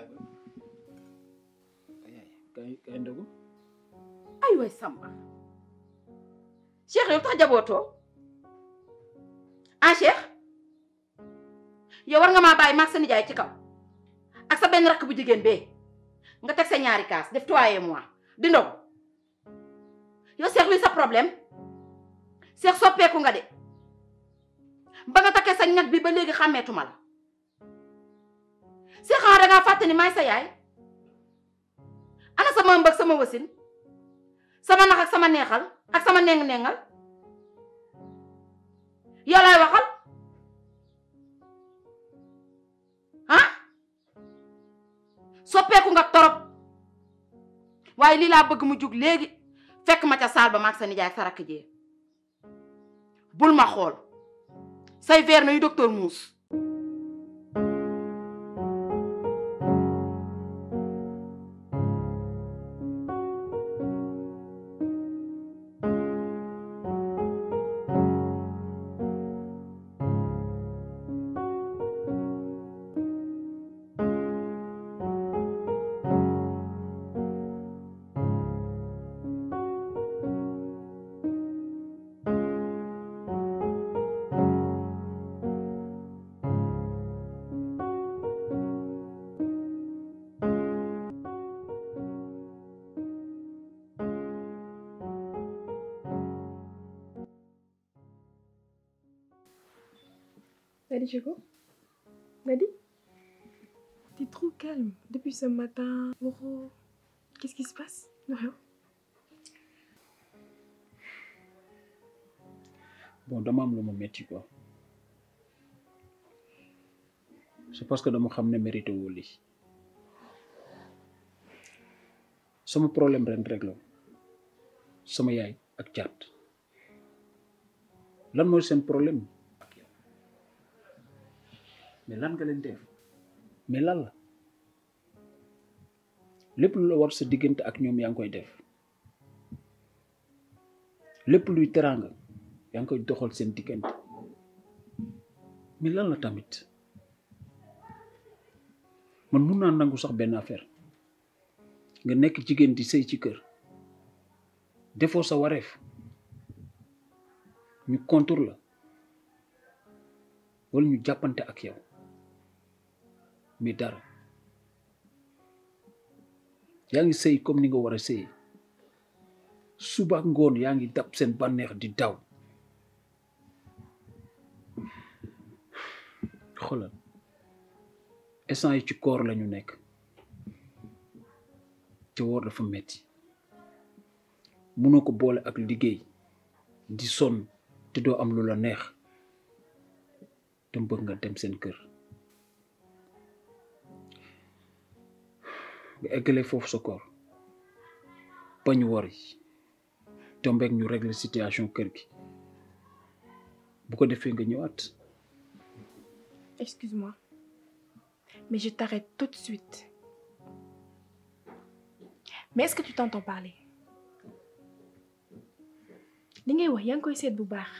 Oh, iya, iya. kay ndogu ay waay Samba Cheikh yow tax jabootoo ah Cheikh yow ya, war nga maa bàyyi maag sa nijaay ci kaw ak sa benn rakk bu jigen be. nga teg sa ñaari kaas def trois ya, mois di ndogu yow ya, Cheikh luy sa problème Cheikh soppeeku nga de ba nga takkee sa ñag bi ba léegi si xaar da nga ni may sa yaay ana sama mbak sama wasin sama nak ak sama neexal ak sama neng-nengal ya lay waxal soppe ko nga torop waye li la bëgg mu juk legi fekk ma ca saal ba sa nijaay sa bul ma xol say veer nañu docteur Mousse dit tu quoi Nadi T'es trop calme depuis ce matin. Oro, oh, oh. qu'est-ce qui se passe Rien. Bon, dama am lu ma métti quoi. Je pense que dama xam ne mérité woo lii mon problème ren régler. la sama yaay ak caat lan c'est un problème mais lan nga leen def mais lan la lépp lu la war sa diggante ak ñoom yaa ngi koy def lépp luy teraanga yaa ngi koy doxal seen diggante mais lan la tamit man mun naa nangu sax benn affaire nga nekk jigéen di sëy ci kër defoo sa wareef ñu contour la wala ñu jàppante ak yow mi dara yaa ngi sëy comme ni nga war a sëy suba ngoon yaa ngi dab seen bànneex di daw xoolal essence yi ci koor lañu nekk te woor dafa metti mënoo ko boole ak liggéey di sonn te doo am lu la neex te mbëgg nga dem seen kër nga eggale foofu sa koor ba ñu wor yi tombeek ñu régler situation kër gi bu ko defee nga ñëwaat. excuse-moi mais je t'arrête tout de suite mais est-ce que tu t'entends parler li ngay wax yaa ngi koy seet bu baax.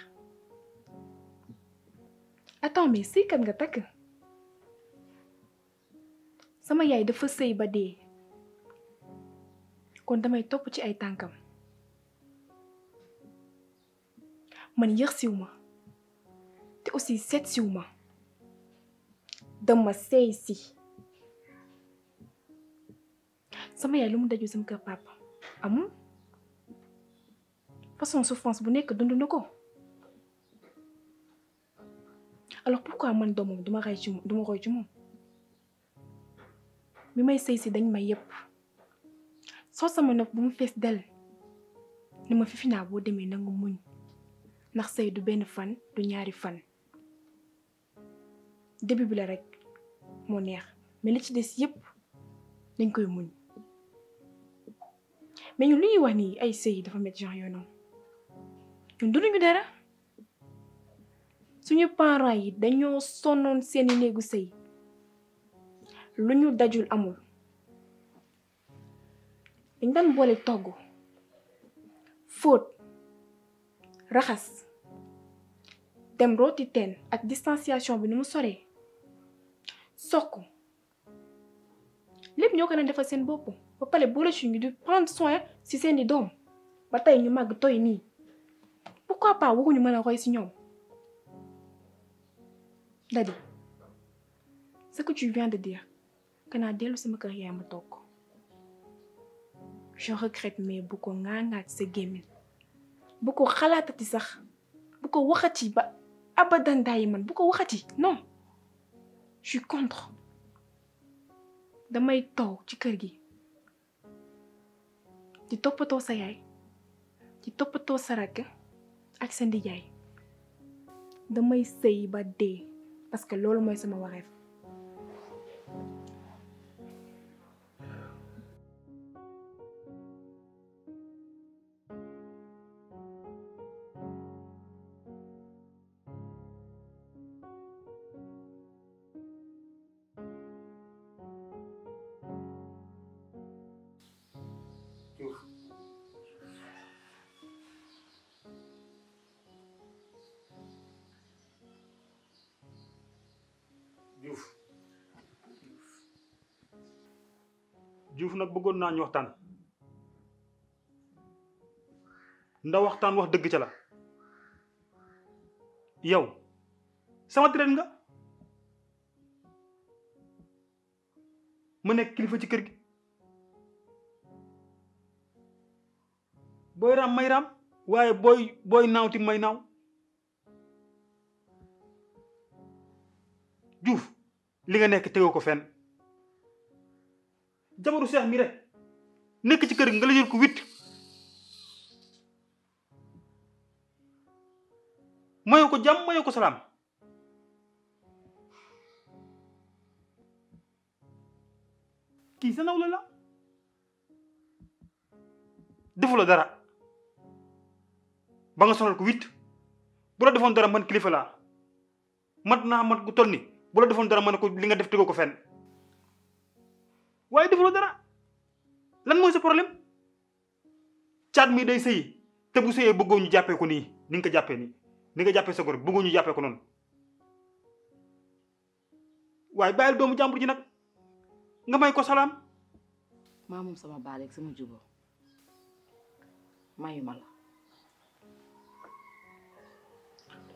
attends mais sëykat nga takk sama yaay dafa sëy ba dee kon damay topp ci ay tànkam man yëx siw ma te aussi seet siw ma dama seey si sama yaay lu mu daju sama kër pàpp amul façon souffrance bu nekk dund na ko alors pourquoi man doomam duma rey ci duma roy ci moom mi may sëy si dañ may yëpp soo sama nopp bu mu fees dell ni ma fifi boo demee nangu muñ ndax sëy du benn fan du ñaari fan début bi la rek moo neex mel ni ci des yépp dañ koy muñ mais ñun lu ñuy wax nii ay sëy dafa métti genre yooyu noonu ñun dunduñu dara suñu parents yi dañoo sonnoon seeni néegu sëy lu ñu dajul amul dañ daan boole togg fóot raxas dem rooti ten ak distanciation bi ni mu soree sokk lépp ñoo ko na defal seen bopp ba pare boole si ñu di prendre soin si seen seeni doom ba tey ñu màgg toy nii pourquoi pas waruñu mën a roy si ñoom Dadi ce que tu viens de dire que naa dellu sama kër yaay ma toog je regrette mais bu ko ŋaaŋaat sa gémmiñ bu ko sax bu waxati ba abadan day man bu waxati non je suis contre damay taw ci kër gi di toppatoo sa yaay di toppatoo sa rakk ak sa ndijaay damay sëy ba dee parce que lolu moy sama wareef Juf nak bëggoon na ñu waxtaan nda waxtaan wax dëgg ci la yow sama deret nga mu nek kilifa ci kër gi boy ram? may ram waye boy boy nawti may naw juuf li nga nek fenn jamuru cheikh mi rek nek ci keur nga la jël ko wit mayo ko jam mayo ko salam ki sa nawla la defu la dara ba nga sonal ko wit bu la defon dara man kilifa la mat na mat gu tolni ni bu la defon dara man ko li nga def ko fenn waaye defuloo dara lan mooy sa problème chat mi day sey te bu seyé bëggoo ñu jàppee ko ni ni nga jappé ni ni nga jappé sa gor bëggoo ñu ko non bayal doomu jambur ji nak nga may ko salam ma mom sama balik, ak sama jubóo mayuma la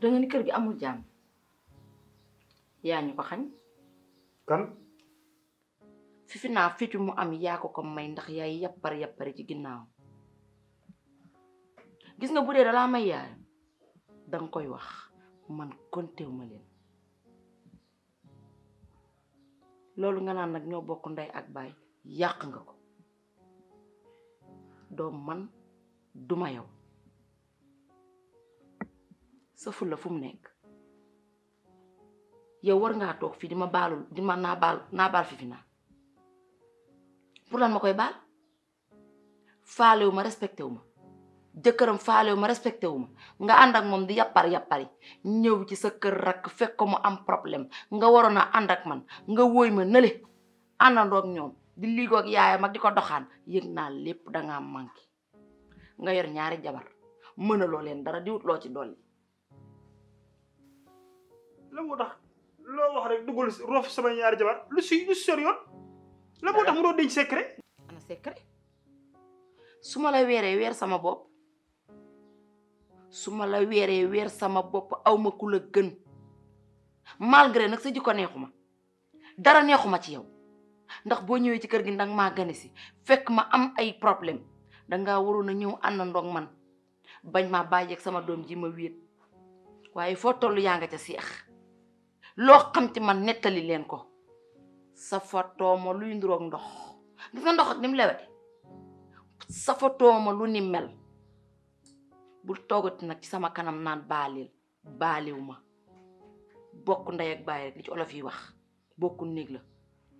da nga ni kër gi amul jàmm yaa ko xagn kan. fifi naa mu am yaa ko ko may ndax yaay yàppar yàppar ci ginnaaw gis nga bu dee dalaa may yaayam danga koy wax man kontew ma leen loolu nga naan nag ñoo bokk ndey ak baay yàq nga ko doom man duma yow sa fulla fu mu nekk yow war ngaa toog fii di ma baalul di naa baal naa baal fifi pour lan makoy bal baal ma respecté wuma ma jëkkëram faalewu ma respecté wuma nga and ak mom di yàppar yàppari ñew ci sa keur rak fekk ko mu am problème nga warona and ak man nga woy ma nele àndandoo ak ñoom di ligo ak yaayam ak diko doxaan yëg lepp da nga manki nga yor ñaari jabar lo len dara di wut loo ci dolli. lamu tax lo wax rek duggal roof sama ñaari jabar lu ci lu si la moo tax do deñ secret. ana secret suma la wéré wér sama bop suma la wéré wér sama bop awma ku la gën malgré nak sa jikko neexuma dara neexuma ci yow ndax bo ñëwé ci kër gi ndax ma gane ci fekk ma am ay problème dangaa waroon a ñëw àndandoog man bañ ma bàyyeeg sama doom ji ma wéet waye fo tollu ya nga ca xeex lo xam ci man netali len ko. safatooma luy nduroog ndox gis nga ndox ak ni mu safatooma lu ni mel bul toogati nag ci sama kanam naan baalil baaliw ma bokk ndey ak baay rek li ci olof yi wax bokku néeg la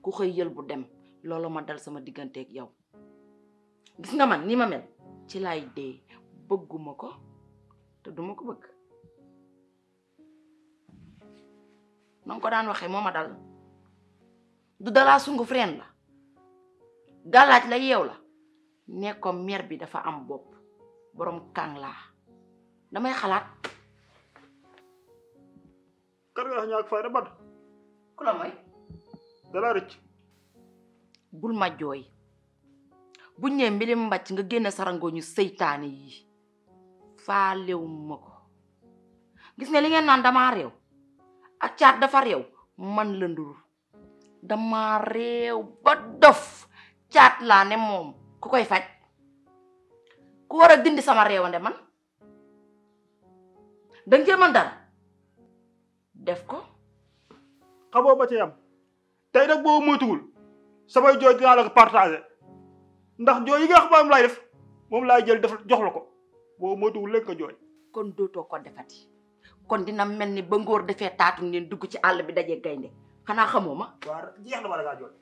ku xëy yël bu dem loolu ma dal sama digganteeg yow gis nga man ni ma mel ci lay dee bëgguma ko te duma ko bëgg na ko daan waxee moo ma dal du langsung sungu friend la Galat la yew la ne ko mer bi dafa am bop borom kang la damay xalat kar nga ñak fayda bad ku la mooy dalaa rëcc bul ma joy bu ñe mbilim mbacc nga genn sarango ñu seytane yi fa lew mako gis ne li ngeen nan dama rew ak dafa rew man la dama réew ba dof caat laa ne moom ku koy faj ku war a dindi sama réewande man danga cee mën dara def ko xamoo ba ci yam tey nag boobu moytuwul samay jooy dinaa la ko partagé ndax jooy yi nga xam moom laay def moom laay jël def jox la ko boobu moytuwul léegi ko jooy kon dootoo ko defati kon dina mel ni ba ngóor defee taatu neen dugg ci àll bi dajee gaynde xanaa xamoo ma. waaw jeex na wala ngaa jot.